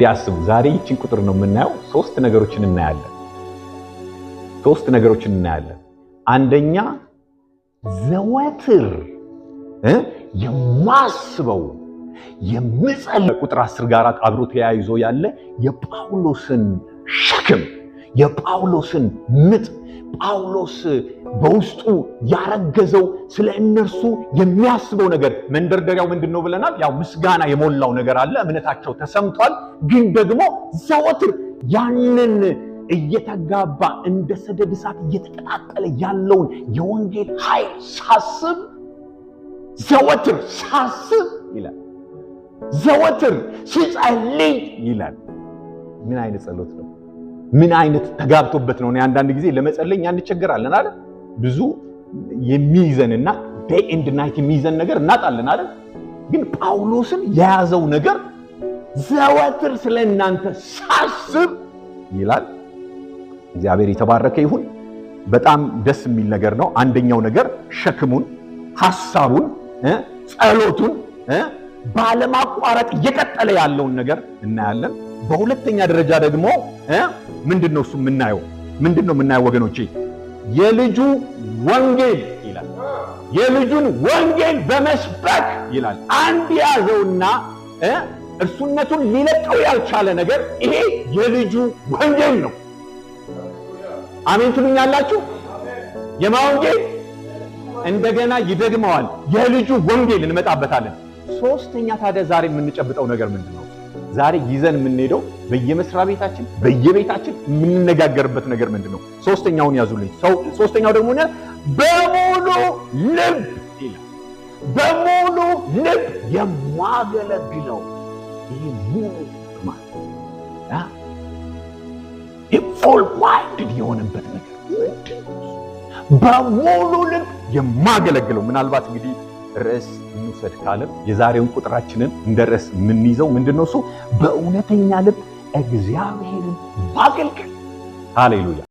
እንግዲህ አስቡ፣ ዛሬ ይችን ቁጥር ነው የምናየው። ሶስት ነገሮችን እናያለን። ሶስት ነገሮችን እናያለን። አንደኛ ዘወትር የማስበው የምጸል ቁጥር አስር ጋር አብሮ ተያይዞ ያለ የጳውሎስን ሸክም የጳውሎስን ምጥ ጳውሎስ በውስጡ ያረገዘው ስለ እነርሱ የሚያስበው ነገር መንደርደሪያው ምንድን ነው ብለናል? ያው ምስጋና የሞላው ነገር አለ፣ እምነታቸው ተሰምቷል። ግን ደግሞ ዘወትር ያንን እየተጋባ እንደ ሰደድ እሳት እየተቀጣጠለ ያለውን የወንጌል ኃይል ሳስብ ዘወትር ሳስብ ይላል፣ ዘወትር ሲጸልይ ይላል። ምን አይነት ጸሎት ነው? ምን አይነት ተጋብቶበት ነው? አንዳንድ ጊዜ ለመጸለይ እንቸገራለን አይደል? ብዙ የሚይዘንና ዴይ ኤንድ ናይት የሚይዘን ነገር እናጣለን አይደል? ግን ጳውሎስን የያዘው ነገር ዘወትር ስለ እናንተ ሳስብ ይላል። እግዚአብሔር የተባረከ ይሁን። በጣም ደስ የሚል ነገር ነው። አንደኛው ነገር ሸክሙን፣ ሐሳቡን፣ ጸሎቱን ባለማቋረጥ እየቀጠለ ያለውን ነገር እናያለን። በሁለተኛ ደረጃ ደግሞ ምንድን ነው እሱ የምናየው ምንድን ነው የምናየው ወገኖቼ? የልጁ ወንጌል ይላል። የልጁን ወንጌል በመስበክ ይላል። አንድ የያዘውና እርሱነቱን ሊለቀው ያልቻለ ነገር ይሄ የልጁ ወንጌል ነው። አሜን ትሉኛላችሁ? የማ ወንጌል? እንደገና ይደግመዋል። የልጁ ወንጌል እንመጣበታለን። ሶስተኛ ታዲያ ዛሬ የምንጨብጠው ነገር ምንድን ነው? ዛሬ ይዘን የምንሄደው በየመስሪያ ቤታችን በየቤታችን የምንነጋገርበት ነገር ምንድን ነው? ሶስተኛውን ያዙልኝ። ሶስተኛው ደግሞ በሙሉ ልብ ይላል። በሙሉ ልብ የማገለግለው ይህ ሙሉ ማለት ፉል ማይንድ የሆነበት ነገር በሙሉ ልብ የማገለግለው ምናልባት እንግዲህ ርዕስ እንውሰድ ካለም የዛሬውን ቁጥራችንን እንደ ርዕስ የምንይዘው ነው እሱ በእውነተኛ ልብ እግዚአብሔርን ባገልግል። ሃሌሉያ